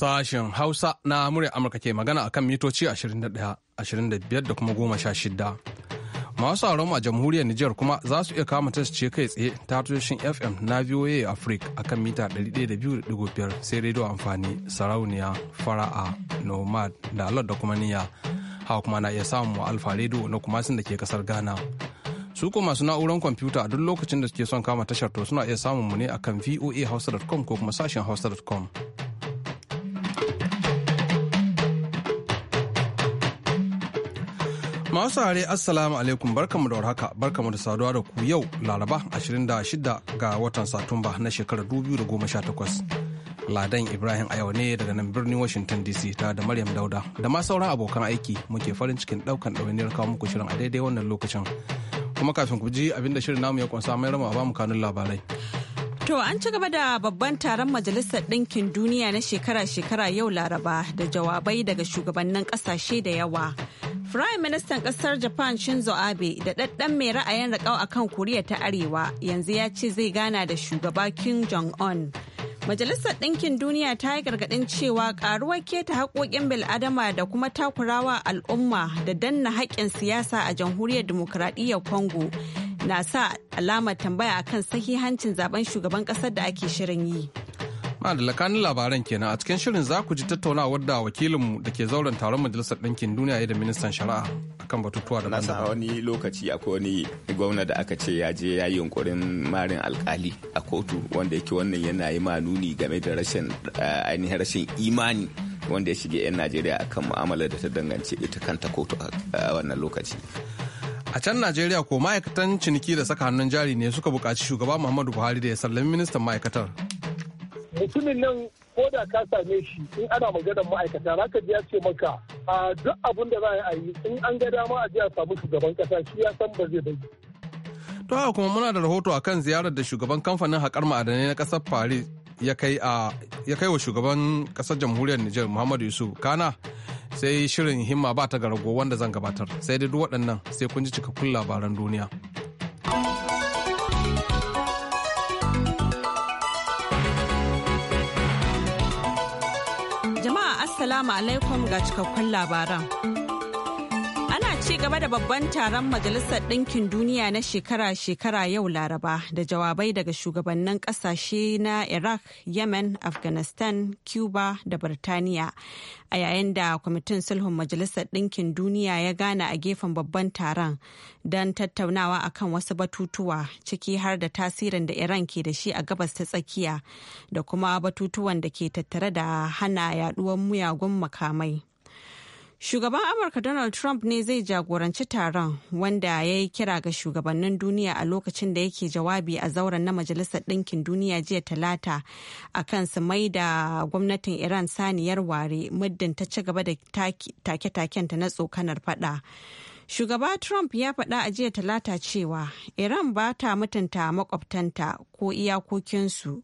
Sashen Hausa na murya Amurka ke magana akan mitoci 21, 25 da kuma 16. Masu a a jamhuriyar Nijar kuma za su iya kama ce kai tsaye ta tushen FM na VOA Africa akan mita 102.5 sai rediyo amfani sarauniya fara'a nomad da alad da kuma niyya. Hawa kuma na iya samun alfa rediyo na kuma sun da ke kasar Ghana. su ko masu na'urar kwamfuta a duk lokacin da suke son kama tashar to suna iya samun mu ne akan hausa.com ko kuma sashen hausa.com. Masu hare Assalamu alaikum barkamu da warhaka barkamu da saduwa da ku yau Laraba 26 ga watan Satumba na shekarar 2018. Ladan Ibrahim a yau ne daga nan birnin Washington DC ta da Maryam Dauda da ma sauran abokan aiki muke farin cikin daukan ɗawainiyar kawo muku shirin a daidai wannan lokacin. Kuma kafin ku ji abinda shirin namu ya kunsa mai rama ba mu kanun labarai. To an ci gaba da babban taron Majalisar Ɗinkin Duniya na shekara-shekara yau Laraba da jawabai daga shugabannin ƙasashe da yawa. Firayim Ministan ƙasar Japan Shinzo Abe da ɗaɗɗan mai ra'ayin riƙau a kan Koriya ta Arewa yanzu ya ce zai gana da shugaba Kim Jong-un. Majalisar Ɗinkin Duniya ta yi gargaɗin cewa ƙaruwar keta haƙoƙin bil'adama da kuma takurawa al'umma da danna haƙƙin siyasa a jamhuriyar dimokuraɗiyyar Congo na sa alamar tambaya akan sahihancin zaben shugaban ƙasar da ake shirin yi. Madalla kanin labaran kenan a cikin shirin za ku ji tattaunawar da wakilinmu da ke zauren taron majalisar ɗinkin duniya da ministan shari'a akan batutuwa da Na sa wani lokaci akwai wani gwamna da aka ce ya je ya yi yunkurin marin alkali a kotu wanda yake wannan yana yi ma nuni game da rashin eh, ainihin rashin imani wanda ya shige 'yan Najeriya akan mu'amalar da ta danganci ita kanta kotu a wannan lokaci. A can Najeriya ko ma'aikatan ciniki da saka hannun jari ne suka buƙaci shugaba Muhammadu Buhari da ya sallami ministan ma'aikatar mutumin nan ko da ka same shi in ana maganar ma'aikata za ka ji ya ce maka a duk abin da za a yi in an ga dama a ji a samu shugaban kasa shi ya san ba zai bai. To haka kuma muna da rahoto akan ziyarar da shugaban kamfanin haƙar ma'adanai na ƙasar Paris ya kai wa shugaban ƙasar jamhuriyar Nijar Muhammadu Yusuf Kana sai shirin himma ba ta garago wanda zan gabatar sai dai duk waɗannan sai kun ji cikakkun labaran duniya. Assalamu alaikum ga cikakkun labaran. ci gaba da babban taron Majalisar Ɗinkin Duniya na shekara-shekara yau Laraba da jawabai daga shugabannin ƙasashe na Iraq, Yemen, Afghanistan, Cuba da Birtaniya. A yayin da Kwamitin Sulhun Majalisar Ɗinkin Duniya ya gana a gefen babban taron don tattaunawa a kan wasu batutuwa ciki har da tasirin da Iran ke da shi a gabas ta tsakiya da kuma batutuwan da ke tattare da hana yaduwar muyagun makamai. Shugaban Amurka Donald Trump ne zai jagoranci taron wanda ya yi kira ga shugabannin duniya a lokacin da yake jawabi a zauren na Majalisar Ɗinkin Duniya jiya Talata a kan su mai da gwamnatin Iran saniyar ware muddin ta ci gaba da take ta na tsokanar fada. Shugaba Trump ya faɗa a jiya Talata cewa Iran ba ta mutunta makwabtanta ko iyakokinsu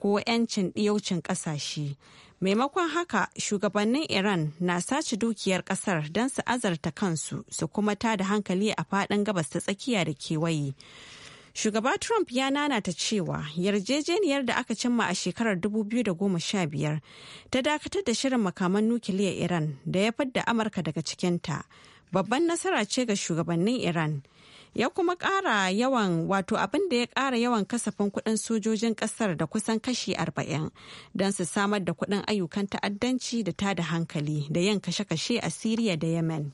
ko 'yancin ɗiyaucin ƙasashe. maimakon haka shugabannin iran na sace dukiyar kasar don su azarta kansu su kuma ta da hankali a faɗin gabas ta tsakiya da kewaye shugaba trump ya nanata cewa yarjejeniyar da aka cimma a shekarar 2015 ta dakatar da shirin makaman nukiliyar iran da ya fadda amurka daga cikinta babban nasara ce ga shugabannin iran ya kuma ƙara yawan wato abin da ya ƙara yawan kasafin kuɗin sojojin ƙasar da kusan kashi 40 don su samar da kuɗin ayyukan ta'addanci da tada hankali da yin kashe-kashe a Siriya da Yemen.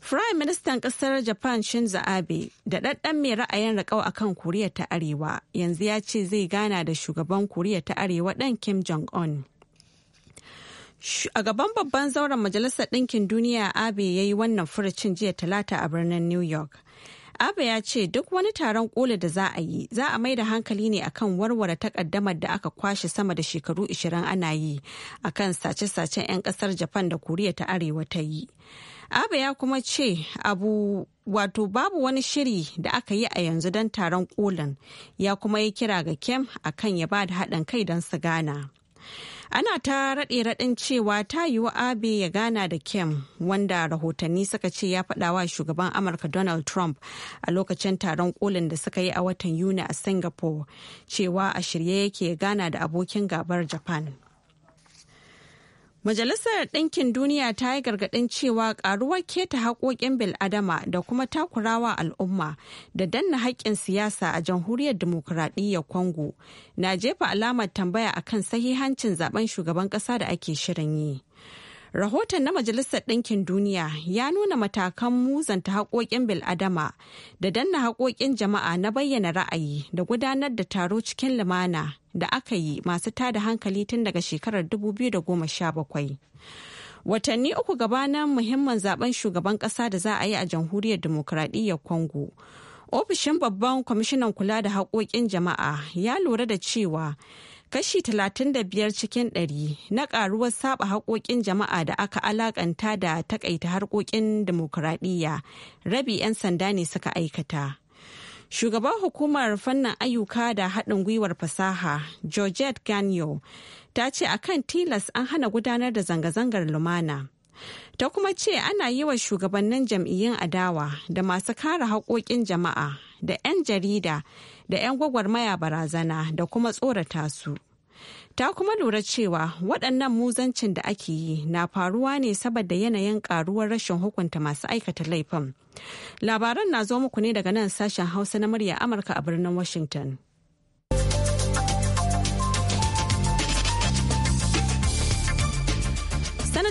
Firayim Ministan ƙasar Japan Shinzo Abe da ɗaɗɗan mai ra'ayin riƙau akan Koriya ta Arewa yanzu ya ce zai gana da shugaban Koriya ta Arewa ɗan Kim Jong-un. A gaban babban zauren Majalisar Ɗinkin Duniya Abe ya yi wannan furucin jiya talata a birnin New York. Abe ya ce duk wani taron kola da za a yi za a mai da hankali ne akan warware takaddamar da aka kwashe sama da shekaru 20 ana yi akan sace-sacen 'yan ƙasar Japan da Koriya ta Arewa ta yi. Abe ya kuma ce abu wato babu wani shiri da aka yi a yanzu don taron kolin ya kuma yi kira ga Kem akan ya ba da haɗin kai don su gana. ana ta raɗe raɗin cewa ta wa abe ya gana da kem, wanda rahotanni suka ce ya faɗa wa shugaban amurka donald trump a lokacin taron kolin da suka yi a watan yuni a singapore cewa a shirye yake gana da abokin gabar japan Majalisar Ɗinkin Duniya ta yi gargaɗin cewa ƙaruwar keta haƙoƙin bil'adama da kuma takurawa al'umma da danna haƙƙin siyasa a jamhuriyar demokuraɗiyyar Kongo na jefa alamar tambaya akan sahihancin zaben shugaban ƙasa da ake shirin yi. Rahoton na Majalisar Ɗinkin Duniya ya nuna matakan muzanta haƙoƙin bil'adama da danna haƙoƙin jama'a na bayyana ra'ayi da gudanar da taro cikin lumana da aka yi masu tada hankali tun daga shekarar 2017. Watanni uku gabanan muhimman zaben shugaban ƙasa da za a yi a jamhuriyar Dimokuraɗiyyar Congo. Ofishin babban kwamishinan kula da haƙoƙin jama'a ya lura da cewa kashi 35 cikin 100 na karuwar saba haƙoƙin jama'a da aka alaƙanta da takaita harkokin dimokuraɗiyya rabi 'yan sanda ne suka aikata. Shugaban hukumar fannin ayyuka da haɗin gwiwar fasaha Georgette Ganyo ta ce a kan tilas an hana gudanar da zanga-zangar lumana. ta kuma ce ana yi wa shugabannin jam'iyyun adawa da masu kare haƙoƙin jama'a da 'yan jarida da 'yan gwagwarmaya barazana da kuma tsorata su. Ta kuma lura cewa waɗannan muzancin da ake yi na faruwa ne saboda yanayin ƙaruwar rashin hukunta masu aikata laifin. Labaran na zo muku ne daga nan sashen Hausa na murya Amurka a birnin Washington.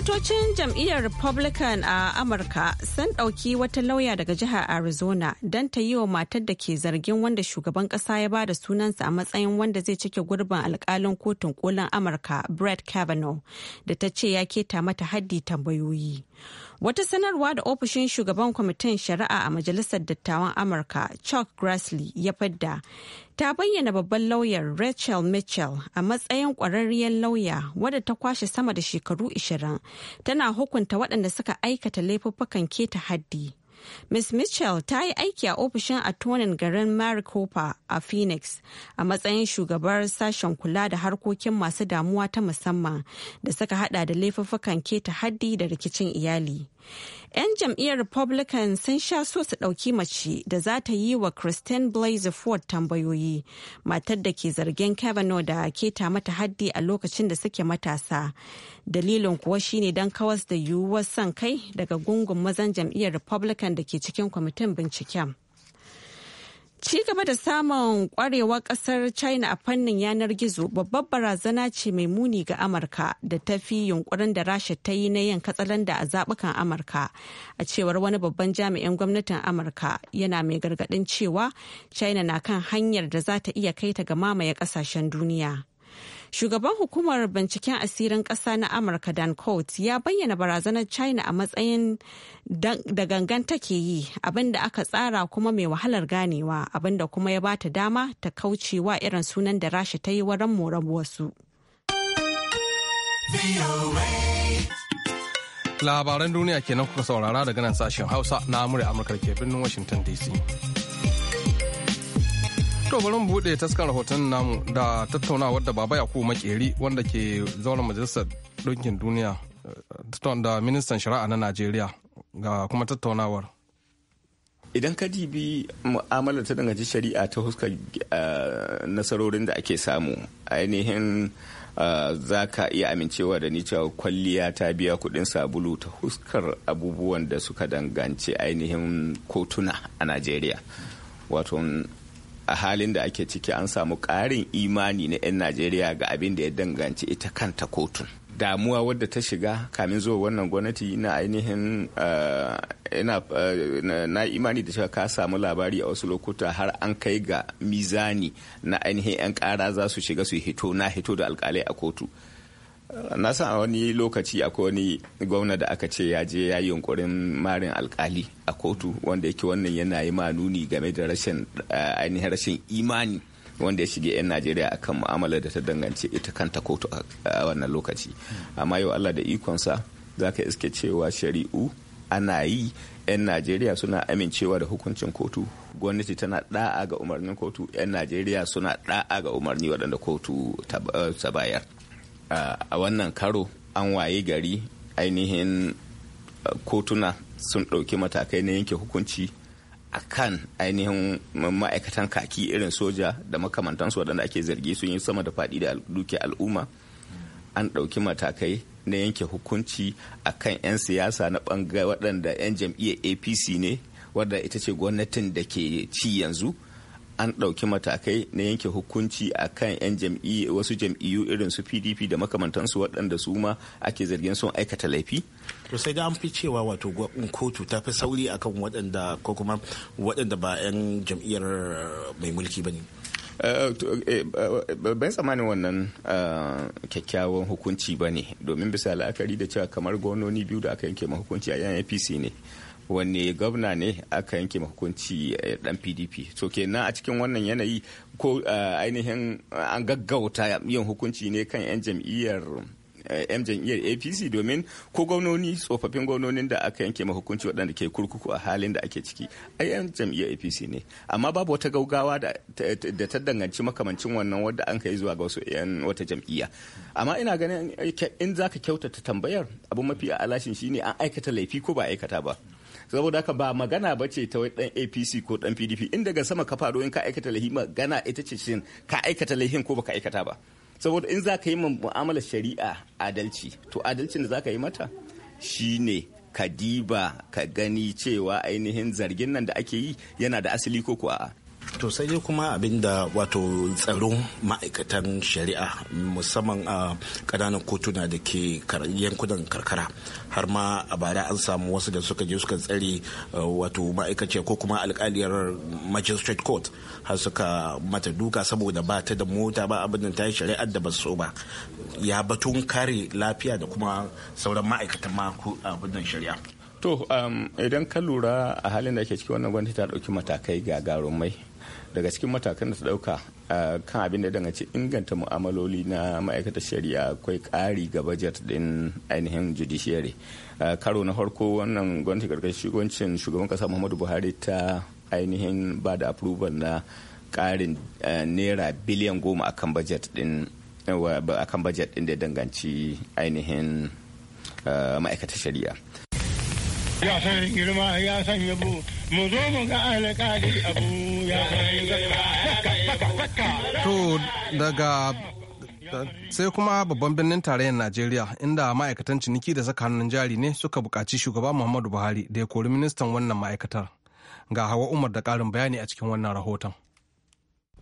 Sanatocin jam'iyyar Republican a Amurka sun ɗauki wata lauya daga jihar Arizona don ta yi wa matar da ke zargin wanda shugaban ƙasa ya ba da sunansa a matsayin wanda zai cike gurbin alƙalin kotun kolin Amurka Brett Kavanaugh da ta ce ya keta mata haddi tambayoyi. Wata sanarwa da ofishin shugaban kwamitin shari'a a Majalisar Dattawan Amurka, Chuck Grassley ya fadda, ta bayyana babban lauyar Rachel Mitchell a matsayin ƙwararriyar lauya wadda ta kwashe sama da shekaru 20 tana hukunta waɗanda suka aikata laifuffukan keta haddi Ms. Mitchell ta yi aiki a ofishin atonin garin Maricopa a Phoenix a matsayin shugabar sashen kula da harkokin masu damuwa ta musamman da suka hada da laifuffukan keta haddi da rikicin iyali. 'Yan jam'iyyar Republican sun sha so su ɗauki mace da za ta yi wa Christine blaise Ford tambayoyi, matar da ke zargin Kavanaugh da keta mata haddi a lokacin da suke matasa. Dalilin kuwa shine don kawas da yiwuwar son kai daga gungun mazan jam'iyyar Republican da ke cikin kwamitin binciken. Ci gaba da samun ƙwarewar kasar China a fannin yanar gizo babbar barazana ce mai muni ga Amurka da ta fi yunkurin da Rasha ta yi na yin katsalanda a zabukan Amurka. A cewar wani babban jami'in gwamnatin Amurka yana mai gargadin cewa China na kan hanyar da za ta iya kai ta ga mamaye kasashen duniya. Shugaban hukumar binciken asirin ƙasa na Amurka Dan Coates ya bayyana barazanar China a matsayin da gangan take yi abinda aka tsara kuma mai wahalar ganewa abinda kuma ya bata dama ta kaucewa irin sunan da rasha ta yi waran moran wasu. Labaran duniya kenan kuka saurara daga nan sashen Hausa na Amurka ke birnin Washington DC. To bari mu bude taskar rahoton namu da tattaunawar da Baba Yaku Makeri wanda ke zaune majalisar ɗinkin duniya eh, da ministan shari'a na Najeriya ga kuma tattaunawar. Idan ka dibi mu'amalar ta danganci shari'a ta huskar eh, nasarorin da ake samu ainihin eh, za ka iya amincewa da ni cewa kwalliya ta biya kudin sabulu ta huskar abubuwan da suka danganci ainihin kotuna a Najeriya. Wato a halin da ake ciki an samu ƙarin imani na 'yan najeriya ga abin da ya danganci ita kanta kotun damuwa wadda ta shiga kamin zuwa wannan gwamnati na ainihin eh, eh, na imani da cewa ka samu labari a wasu lokuta har an kai ga mizani na ainihin 'yan kara za su shiga su hito na hito da alkalai a kotu na san a wani lokaci akwai wani gwamna da aka ce ya je ya yi yunkurin marin alkali a kotu wanda yake wannan yana yi ma nuni game da rashin eh, ainihin rashin imani wanda ya shige 'yan najeriya akan mu'amala da ta danganci ita kanta kotu a wannan lokaci amma yau allah da ikonsa za ka iske cewa shari'u ana yi 'yan najeriya suna amincewa da hukuncin kotu gwamnati tana da'a ga umarnin kotu 'yan najeriya suna da'a ga umarni waɗanda kotu ta eh, bayar a wannan karo an waye gari ainihin kotuna sun ɗauki matakai na yanke hukunci a kan ainihin ma'aikatan kaki irin soja da makamantansu waɗanda ake zargi sun yi sama da faɗi da duke al'umma an ɗauki matakai na yanke hukunci a kan 'yan siyasa na ɓangare waɗanda 'yan jam'iyyar apc ne wadda ita ce gwamnatin da ke ci yanzu an ɗauki matakai na yanke hukunci a kan 'yan jam'iyyu wasu jam'iyyu irin su pdp da makamantansu waɗanda su ma ake zargin sun aikata laifi to sai da an fi cewa wato kotu ta fi sauri akan waɗanda ko kuma waɗanda ba 'yan jam'iyyar eh, mai mulki ba ne eh, eh, ban tsammanin wannan kyakkyawan hukunci ba ne domin bisa la'akari da cewa kamar gwamnoni biyu da aka yanke ma hukunci a yan apc ne wanne gwamna ne aka yanke hukunci eh, dan pdp so kenan a cikin wannan yanayi ko eh, ainihin an gaggauta yin hukunci ne kan 'yan jam'iyyar eh, yan jam'iyyar apc domin ko gwamnoni tsofaffin gwamnonin da aka yanke ma hukunci waɗanda ke kurkuku a halin da ake ciki a yan jam'iyyar apc ne amma babu wata gaugawa da ta danganci makamancin wannan wadda an kai zuwa ga wasu yan wata jam'iyya amma ina ganin in za ka kyautata tambayar abu mafi alashin shine an aikata laifi ko ba aikata ba saboda haka ba magana ba ce ta wai dan apc ko dan pdp in daga sama ka faɗo in ka aikata lahi magana ita ce shin ka aikata laihin ko ba ka aikata ba saboda in za ka yi mu'amalar shari'a adalci to adalcin da za ka yi mata shine ka diba ka gani cewa ainihin zargin nan da ake yi yana da asali ko a'a to sai dai kuma abinda wato tsaron ma'aikatan shari'a musamman a kananan kotuna da ke yankunan karkara har ma a bara an samu wasu da suka je suka tsare eh, wato ma'aikaciya ko kuma alkaliyar magistrate court har suka mata duka saboda ba ta da mota ba abin da ta yi shari'ar da ba so ba ya batun kare lafiya da kuma sauran ma'aikatan ma abin da shari'a to um, idan ka lura a halin da ke ciki wannan gwamnati ta ɗauki matakai gagarumai daga cikin matakan da ta dauka kan abin da danganci inganta mu'amaloli na ma'aikatar shari'a akwai ƙari ga bajet din ainihin judiciary karo na farko wannan gwamnati karkashin shugabancin shugaban kasa muhammadu buhari ta ainihin ba da approval na ƙarin naira biliyan goma akan bajet din akan bajet din da danganci ainihin ma'aikatar shari'a ya san girma ya san yabo mu zo mu ga alƙali abu ya san girma to daga sai kuma babban birnin tarayyar najeriya inda ma'aikatan ciniki da saka hannun jari ne suka buƙaci shugaba muhammadu buhari da ya kori ministan wannan ma'aikatar ga hawa umar da ƙarin bayani a cikin wannan rahoton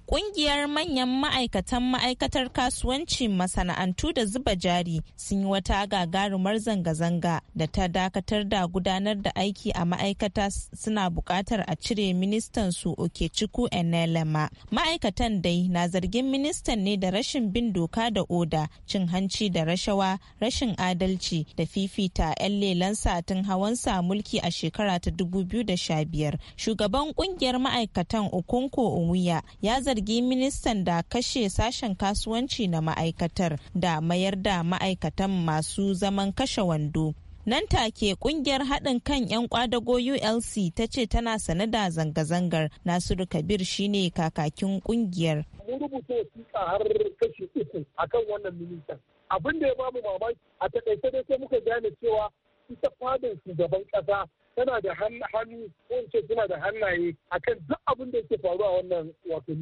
Kungiyar manyan ma'aikatan ma'aikatar kasuwanci masana'antu da zuba jari sun yi wata gagarumar zanga-zanga da ta dakatar da gudanar da aiki a ma'aikata suna buƙatar a cire ministan su oke Okechukwu Enelema. Ma'aikatan dai na zargin ministan ne da rashin bin doka da oda, cin hanci da rashawa, rashin adalci da fifita 'yan lelan satin hawan sa mulki a shekara ta 2015. Shugaban kungiyar ma'aikatan Okonko Owuya ya zargi zargi ministan da kashe sashen kasuwanci na ma'aikatar da mayar da ma'aikatan masu zaman kashe wando nan take kungiyar haɗin kan 'yan kwadago ulc ta ce tana sane da zanga-zangar nasiru kabir shine kakakin kungiyar mun rubuta wasiƙa har uku akan wannan ministan abin da ya bamu mamaki a takaice dai sai muka gane cewa ita fadin shugaban kasa tana da hannu ko ce tana da hannaye akan duk abin da yake faruwa wannan wato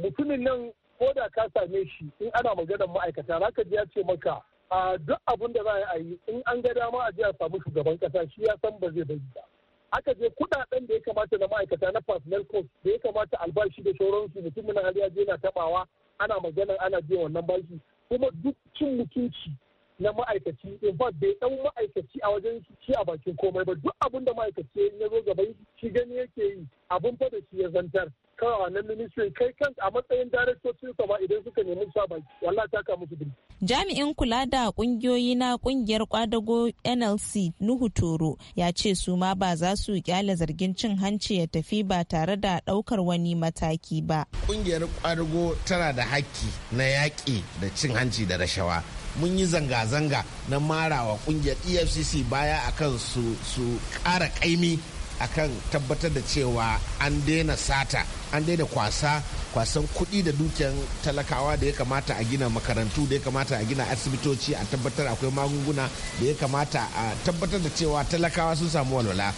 mutumin nan ko da ka same shi in ana maganar ma'aikata zaka ji ya ce maka a duk abin da za a yi in an ga dama a jiya a samu shugaban kasa shi ya san ba zai bari ba aka je kudaden da ya kamata na ma'aikata na personal cost da ya kamata albashi da sauransu mutumin har ya je na tabawa ana maganar ana je wannan bashi kuma duk cin mutunci na ma'aikaci in fact bai dan ma'aikaci a wajen shi a bakin komai ba duk abin da ma'aikaci ya zo gaba shi gani yake yi abun fa da shi ya zantar kawai wannan ministry kai kan a matsayin daraktocin sa ba idan suka nemi sa wallahi ta ka musu bill jami'in kula da kungiyoyi na kungiyar kwadago NLC Nuhu Toro ya ce su ma ba za su kyale zargin cin hanci ya tafi ba tare da daukar wani mataki ba kungiyar kwadago tana da haƙƙi na yaƙi da cin hanci da rashawa mun yi zanga-zanga na marawa kungiyar efcc baya akan su su ƙara ƙaimi akan tabbatar da cewa an daina sata an daina kwasa kwasan kuɗi da dukiyan talakawa da ya kamata a gina makarantu da ya kamata a gina asibitoci a tabbatar akwai magunguna da ya kamata a tabbatar da cewa talakawa sun samu walwala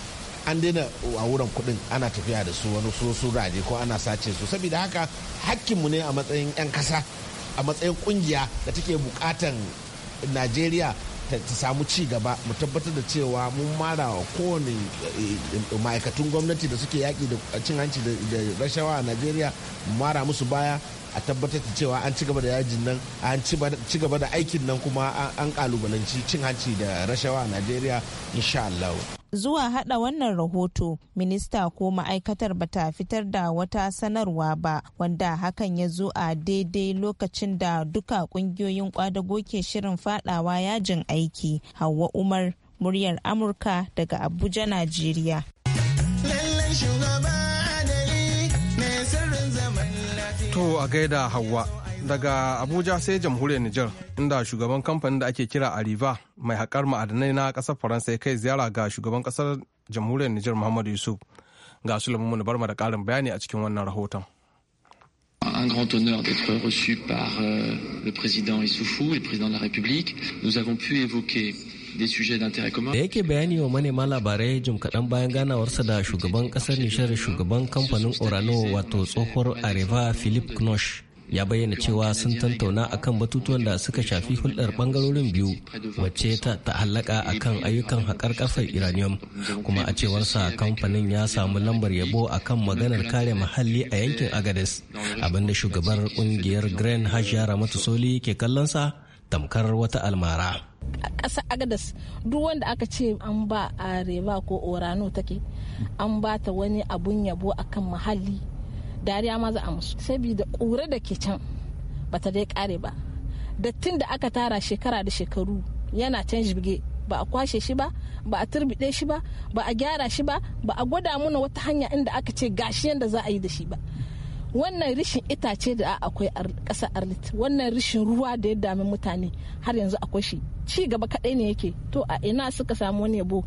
an daina a wurin kuɗin ana tafiya da su wani su raje ko ana sace su saboda haka mu ne a matsayin 'yan kasa a matsayin ƙungiya da take bukatan najeriya ta samu ci gaba mu tabbatar da cewa mun mara wa kowane eh, ma'aikatun gwamnati da suke yaƙi da cin hanci da rashawa a mu mara musu baya a tabbatar da cewa an ci gaba da yajin nan an ci gaba da aikin nan kuma an kalubalanci cin hanci da rashawa a najeriya insha zuwa hada wannan rahoto minista ko ma'aikatar ba ta fitar da wata sanarwa ba wanda hakan ya zo a daidai lokacin da duka kungiyoyin kwadago ke shirin fadawa yajin aiki hawa umar muryar amurka daga abuja najeriya to a gaida hawa daga abuja sai jamhuriyar nijar inda shugaban kamfanin da ake kira ariva mai haƙar ma'adanai na ƙasar faransa ya kai ziyara ga shugaban ƙasar jamhuriyar niger muhammadu yusuf ga sulaiman barma da ƙarin bayani a cikin wannan rahoton un grand honneur d'être reçu par euh, le président Issoufou et le président de la République. Nous avons pu évoquer Da yake bayani wa manema labarai jim kaɗan bayan ganawarsa da shugaban ƙasar Nishar shugaban kamfanin Orano wato tsohuwar Areva Philip Knosh ya bayyana cewa sun tantauna akan batutuwan da suka shafi hulɗar ɓangarorin biyu wacce ta ta'allaka akan ayyukan haƙar ƙarfar iranium kuma a cewarsa kamfanin ya samu lambar yabo akan maganar kare muhalli a yankin agades abinda shugabar ƙungiyar grand hajiya ramatu soli ke kallonsa tamkar wata almara a ƙasa agadas duk wanda aka ce an ba a reba ko orano take an ba ta wani abun yabo akan muhalli dariya ma za a musu saboda ƙura da ke can ba ta dai kare ba dattin da aka tara shekara da shekaru yana can jirge ba a kwashe shi ba ba a turbide shi ba ba a gyara shi ba ba a gwada mana wata hanya inda aka ce gashi yadda za a yi da shi ba wannan rishin itace da akwai a ƙasa arlit wannan rishin ruwa da ya dami mutane har yanzu akwai shi ci gaba kaɗai ne yake to a ina suka samu wani yabo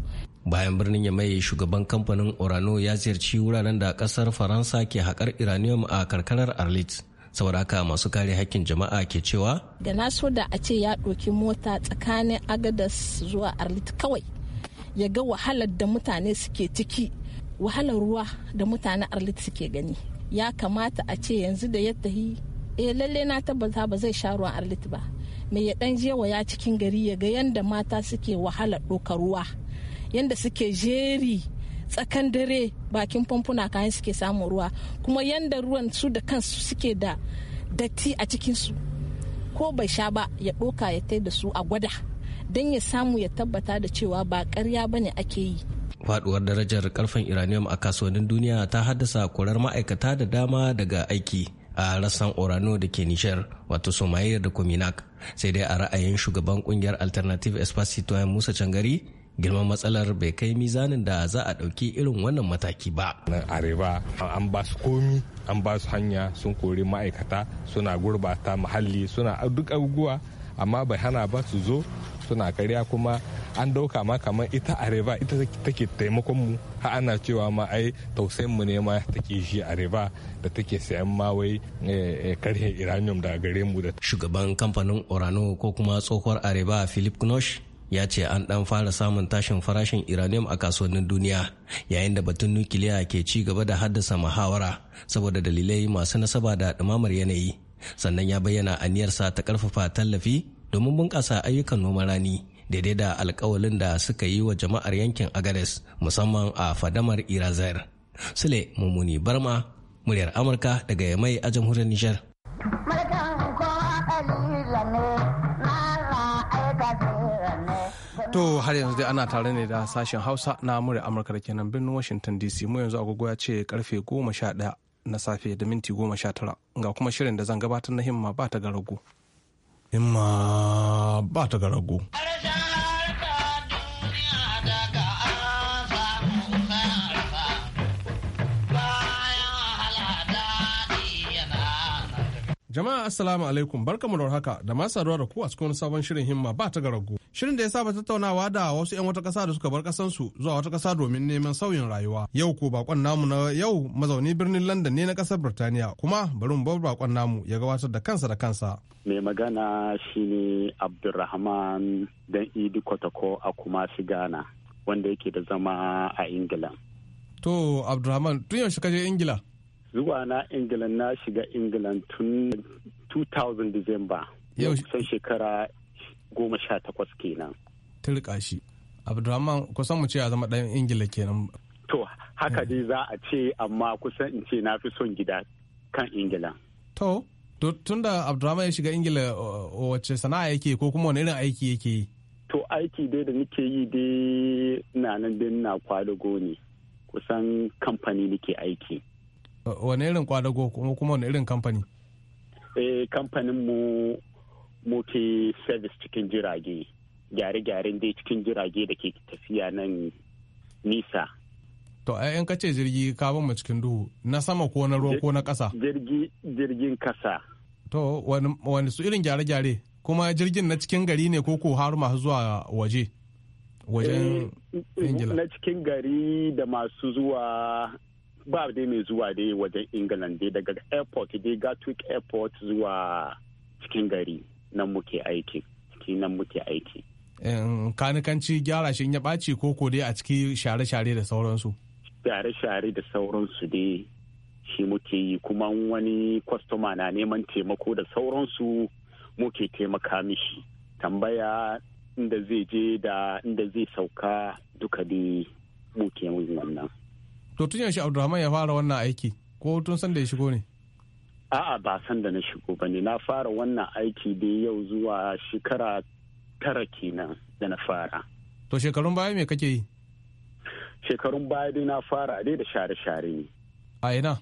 bayan birnin ya mai shugaban kamfanin orano ya ziyarci wuraren da kasar faransa ke hakar iranium a karkarar arlit saboda haka masu kare hakkin jama'a ke cewa da na so da a ce ya ɗauki mota tsakanin agadas zuwa arlit kawai ya ga wahalar da mutane suke ciki wahalar ruwa da mutane arlit suke gani ya kamata a ce yanzu da ya tahi eh lalle na tabbata ba zai sha ruwan arlit ba mai ya ɗan je ya cikin gari ya ga yadda mata suke wahalar ɗaukar ruwa yadda suke jeri tsakan dare bakin famfuna kayan suke samun ruwa kuma yadda ruwan su da kansu suke da datti a cikinsu ko bai sha ba ya ɗoka ya tai da su a gwada don ya samu ya tabbata da cewa ba karya ba ne ake yi faduwar darajar karfin iranium a kasuwannin duniya ta haddasa kurar ma'aikata da dama daga aiki a rassan orano da ke nishar wato somalia da kominak sai dai a ra'ayin shugaban kungiyar alternative espacito musa changari. girman matsalar bai kai mizanin da za a ɗauki irin wannan mataki ba. Nan Areba an ba su komi an ba su hanya sun kori ma'aikata suna gurbata muhalli suna duk abubuwa amma bai hana ba su zo suna karya kuma an ɗauka ma kamar ita areba ita take taimakon mu har ana cewa ma ai tausayin mu ne ma take shi areba da take sayan ma wai eh, karhe iranium daga gare mu da shugaban kamfanin orano ko kuma tsohuwar areba philip knosh ya ce an dan fara samun tashin farashin iranium a kasuwannin duniya yayin da batun nukiliya ke ci gaba da haddasa muhawara saboda dalilai masu nasaba da dumamar yanayi sannan ya bayyana aniyarsa ta karfafa tallafi domin bunƙasa ayyukan noman rani daidai da alkawalin da suka yi wa jama'ar yankin agres musamman a fadamar irazair sule mummuni barma muryar amurka daga yamai a jamhuriyar nijar To har yanzu dai ana tare ne da sashen Hausa na murya Amurka da kenan birnin Washington DC mu yanzu agogo ya ce karfe 11 na safe da minti 19 ga kuma shirin da zan gabatar na himma ba ta garago. Himma ba ta Jama'a assalamu alaikum barkamu da haka da ma saduwa da ku a cikin sabon shirin himma ba ta garago. Shirin da ya saba tattaunawa da wasu 'yan wata ƙasa da suka bar ƙasansu zuwa wata ƙasa domin neman sauyin rayuwa. Yau ko bakon namu na yau mazauni birnin London ne na ƙasar Birtaniya kuma bari mu bar bakon namu ya gabatar da kansa da kansa. Mai magana shine Abdulrahman dan Idi Kotoko a kuma Ghana wanda yake da zama a Ingila. To Abdulrahman tun yaushe ka je Ingila? zuwa na England na shiga England tun 2000 December. Yau kusan shekara goma sha takwas kenan. tirka shi. Abdurrahman kusan mu ce ya zama ɗan Ingila kenan. To haka dai za a ce amma kusan in ce na fi son gida kan Ingila. To, tun da Abdurrahman ya shiga Ingila wacce sana'a yake ko kuma wani irin aiki yake yi? To aiki dai da nake yi dai na nan dai na kwadago ne kusan kamfani nake aiki. wani irin kwadago kuma kuma wani irin kamfani eh kamfanin mu ke service cikin jirage gyare-gyaren dai cikin jirage da ke tafiya nan nisa to in ka kace jirgi ka mu cikin duhu na sama ko na ruwa ko na ƙasa jirgi jirgin kasa to wani su irin gyare-gyare kuma jirgin na cikin gari ne ko ko har masu zuwa waje wajen eh, ingila na cikin gari da masu zuwa ba dai mai zuwa dai wajen england dai daga airport dai gatwick airport zuwa cikin gari nan muke aiki cikin nan muke aiki kanikanci gyara shi ya ɓaci ko ko dai a ciki share-share da sauransu share-share da sauransu dai shi muke yi kuma wani kwastoma na neman taimako da sauransu muke taimaka mishi tambaya inda zai je da inda zai sauka duka dai muke wannan to tun yaushe abdulrahman ya fara wannan aiki ko tun san da ya shigo ne a'a ba san da na shigo ba ne na fara wannan aiki da yau zuwa shekara tara kenan da na fara to shekarun baya me kake yi shekarun baya dai na fara dai da share-share ne a ina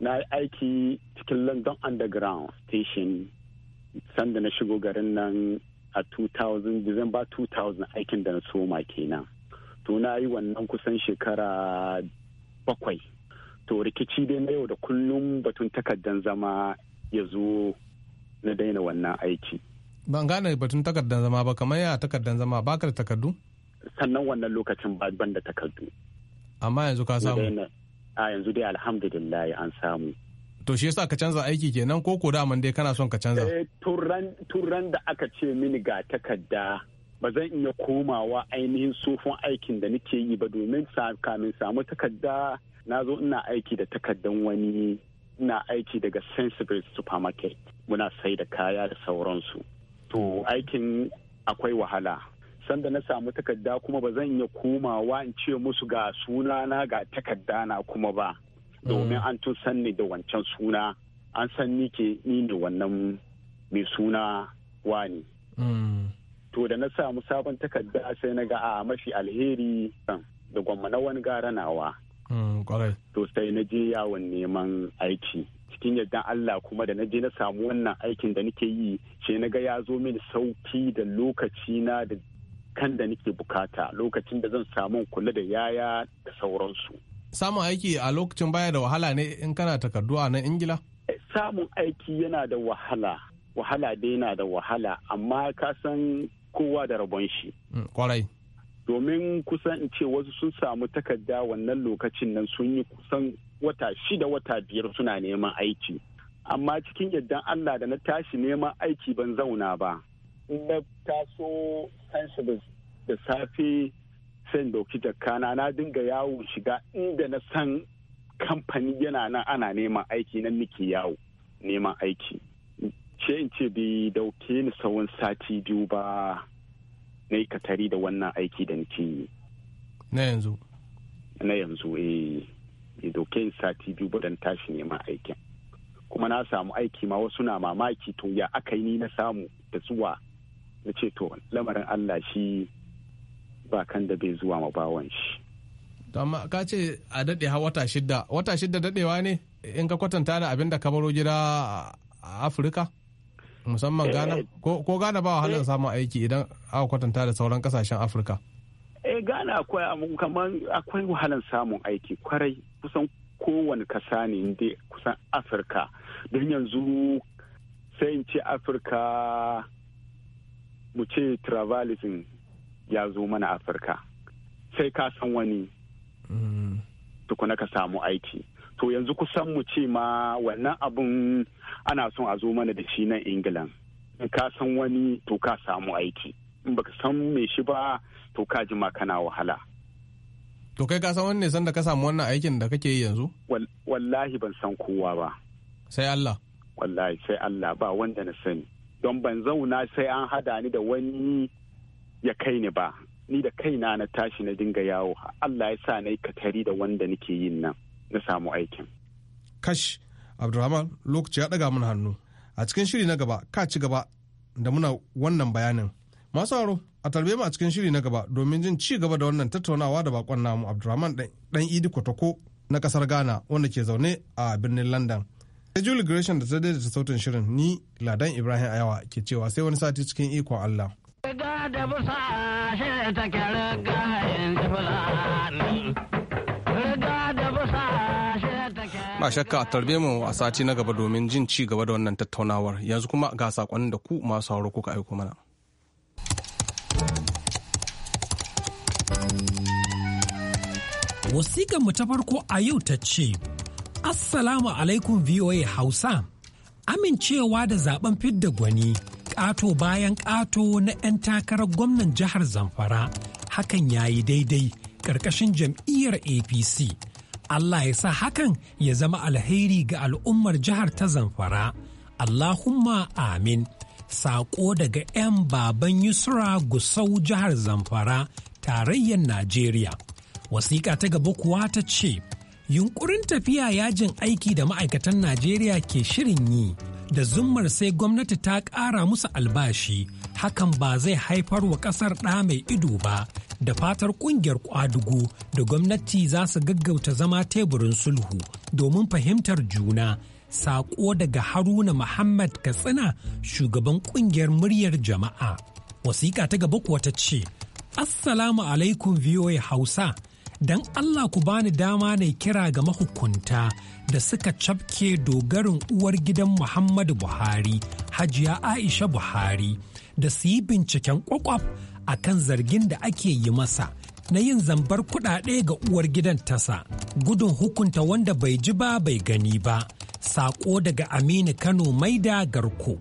na yi aiki cikin london underground station sanda na shigo garin nan a 2000 december 2000 aikin da na soma kenan to na yi wannan kusan shekara bakwai to rikici dai na yau da kullum batun takardan zama ya zo na daina wannan aiki ban gane batun takardan zama ba kamar ya takardan zama ba ka da takardu sannan wannan lokacin ba ban da takardu amma yanzu ka samu a yanzu dai alhamdulillah an samu to shi yasa ka canza aiki kenan ko ko da dai kana son ka canza eh turan da aka ce mini ga takarda ba zan iya komawa ainihin sofon aikin da nake yi ba domin kamin samu takarda na zo ina aiki da takardan wani ina aiki daga sensible supermarket muna sai da kaya da sauransu to aikin akwai wahala sanda na samu takarda kuma ba zan iya komawa in ce musu ga sunana ga takarda na kuma ba mm. domin an tun sanni da wancan suna an san ni ke ni ne wannan mai suna wani to da na samu sabon takarda sai na ga a mafi alheri da gwamma na wani gara nawa mm, to sai na je yawon neman aiki cikin yadda Allah kuma da na je na samu wannan aikin da nake yi sai na ga ya zo mini sauki da lokaci na da kan da nake bukata lokacin da zan samu kula da yaya da sauransu. Samun aiki a lokacin baya da wahala ne in kana takardu a nan Ingila? Eh, samun aiki yana da wahala, wahala dai yana da wahala, amma ka san kowa da rabon shi mm, kwarai domin kusan in ce wasu sun samu takarda wannan lokacin nan sun yi kusan wata shida wata biyar suna neman aiki amma cikin yadda allah da na tashi neman aiki ban zauna ba na taso sensibles da safe sai dauki jakana na dinga yawo shiga inda na san kamfani yana nan ana neman aiki nan nake yawo neman aiki ce in ce bai dauke ni tsawon sati biyu ba na katari da wannan aiki da nake yi. Na yanzu? Na yanzu eh bai dauke ni sati biyu ba dan tashi neman aikin. Kuma na samu aiki ma wasu na mamaki to ya aka yi ni na samu da zuwa na ce to lamarin Allah shi ba kan da bai zuwa ma bawan shi. amma ka ce a daɗe ha wata shidda wata shidda daɗewa ne in ka kwatanta da abin da ka baro gida a afirka musamman eh, ghana ko ghana ba wahalar eh. samun aiki idan aka kwatanta da sauran kasashen afirka eh ghana akwai kamar akwai wahalar samun aiki kwarai kusan kowane kasa ne inda kusan afirka don yanzu sai in ce afirka mu ce travelism ya zo mana afirka sai ka san wani mm. tukuna ka samu aiki to yanzu kusan mu ce ma wannan abun ana son a zo mana da shi nan ingilan in ka san wani to ka samu aiki in baka san me shi ba to ka ma kana wahala to kai ka san ne san da ka samu wannan aikin da kake yi yanzu wallahi ban san kowa ba sai Allah wallahi sai Allah ba wanda na sani don ban zauna sai an hada ni da wani ya kai ni ba ni da kaina na tashi na dinga yawo Allah ya sa na yi katari da wanda nake yin nan na samu aikin. Kash, Abdulrahman lokaci ya ɗaga mun hannu. A cikin shiri na gaba, ka ci gaba da muna wannan bayanin. Masu aro, a tarbe mu a cikin shiri na gaba domin jin ci gaba da wannan tattaunawa da bakon namu Abdulrahman ɗan Idi Kotoko na kasar Ghana wanda ke zaune a birnin London. Sai Julie Gresham da ta daidaita sautin shirin ni Ladan Ibrahim Ayawa ke cewa sai wani sati cikin ikon Allah. Ga da busa shi ta kyara gahayin ni. ba shakka a tarbe mu a sati na gaba domin jin ci gaba da wannan tattaunawar yanzu kuma ga sakonin da ku masu sauro kuka aiko mana wasiƙan mu ta farko a yau ta ce assalamu alaikum voa hausa amincewa da zaben fidda gwani ƙato bayan ƙato na 'yan takarar gwamnan jihar zamfara hakan yayi daidai ƙarƙashin jam'iyyar apc Allah ya sa hakan ya zama alheri ga al'ummar jihar ta Zamfara. Allahumma amin. Saƙo daga 'yan baban Yusra Gusau jihar Zamfara, tarayyar Najeriya. Wasiƙa ta gaba kuwa ta ce, Yunƙurin tafiya yajin aiki da ma'aikatan Najeriya ke shirin yi, da zummar sai gwamnati ta ƙara musu albashi, hakan ba zai haifar wa ƙasar ɗa mai ido ba, da fatar kungiyar kwadugu da gwamnati za su gaggauta zama teburin sulhu domin fahimtar juna saƙo daga haruna muhammad katsina shugaban kungiyar muryar jama'a wasiƙa ta gaba kuwa ta ce assalamu alaikum voa hausa don allah ku bani dama na kira ga mahukunta da suka cafke dogarin uwar gidan muhammadu buhari hajiya aisha buhari da su yi binciken kwakwaf a kan zargin da ake yi masa na yin zambar kuɗaɗe ga uwar gidan tasa gudun hukunta wanda bai ji ba bai gani ba saƙo daga amini kano maida garko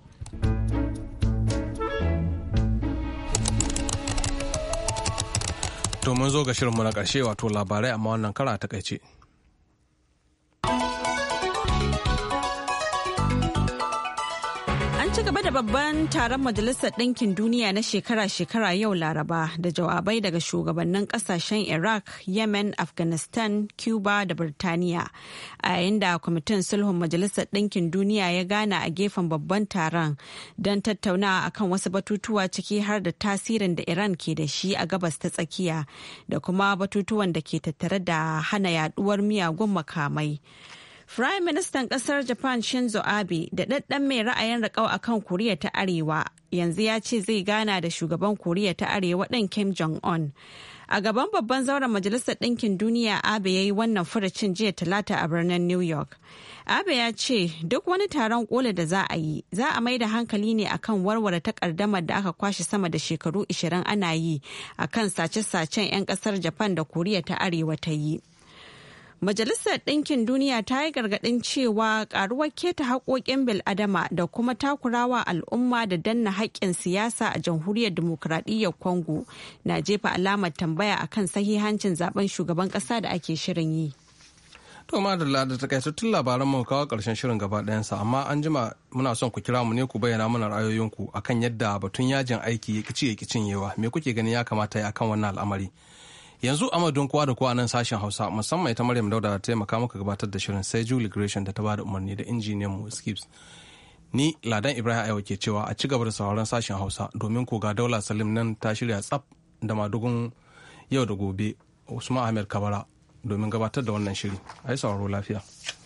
to mun zo ga shirinmu na ƙarshe wato labarai amma wannan kara ta takaice. a babban taron Majalisar Ɗinkin Duniya na shekara-shekara yau Laraba da jawabai daga shugabannin ƙasashen Iraq, Yemen, Afghanistan, Cuba da Birtaniya. A yayin da kwamitin sulhun Majalisar Ɗinkin Duniya ya gana a gefen babban taron don tattaunawa akan wasu batutuwa ciki har da tasirin da Iran ke da shi a gabas ta tsakiya da kuma batutuwan da ke tattare da hana yaduwar miyagun makamai. Prime Ministan ƙasar Japan Shinzo Abe da ɗaɗɗan mai ra'ayin rakau a kan Koriya ta Arewa yanzu ya ce zai gana da shugaban Koriya ta Arewa ɗan Kim Jong-un. A gaban babban zauren Majalisar Ɗinkin Duniya Abe ya yi wannan furucin jiya talata a birnin New York. Abe ya ce duk wani taron kola da za a yi za a mai da hankali ne akan warware takardamar da aka kwashe sama da shekaru 20 ana yi akan sace-sacen 'yan kasar Japan da Koriya ta Arewa ta yi. Majalisar Ɗinkin Duniya ta yi gargaɗin cewa ƙaruwar keta haƙoƙin bil'adama da kuma takurawa al'umma da danna haƙƙin siyasa a jamhuriyar dimokuraɗiyyar Congo na jefa alamar tambaya a kan sahihancin zaben shugaban ƙasa da ake shirin yi. To madalla da takaitattun labaran mu kawo ƙarshen shirin gaba ɗayansa amma an jima muna son ku kira mu ne ku bayyana mana ra'ayoyinku akan yadda batun yajin aiki ya kici ya me kuke ganin ya kamata ya akan wannan al'amari. yanzu madadin kowa da kowa nan sashen hausa musamman ita maryam dauda ta taimaka muka gabatar da shirin sai julie gresham da ta bada umarni da injiniyan mu skips ni ladan ibrahim aiwa ke cewa a ci gaba da sauraron sashen hausa domin ko ga daula salim nan ta shirya tsaf da madugun yau da gobe usman ahmed kabara domin gabatar da wannan shiri a yi sauraro lafiya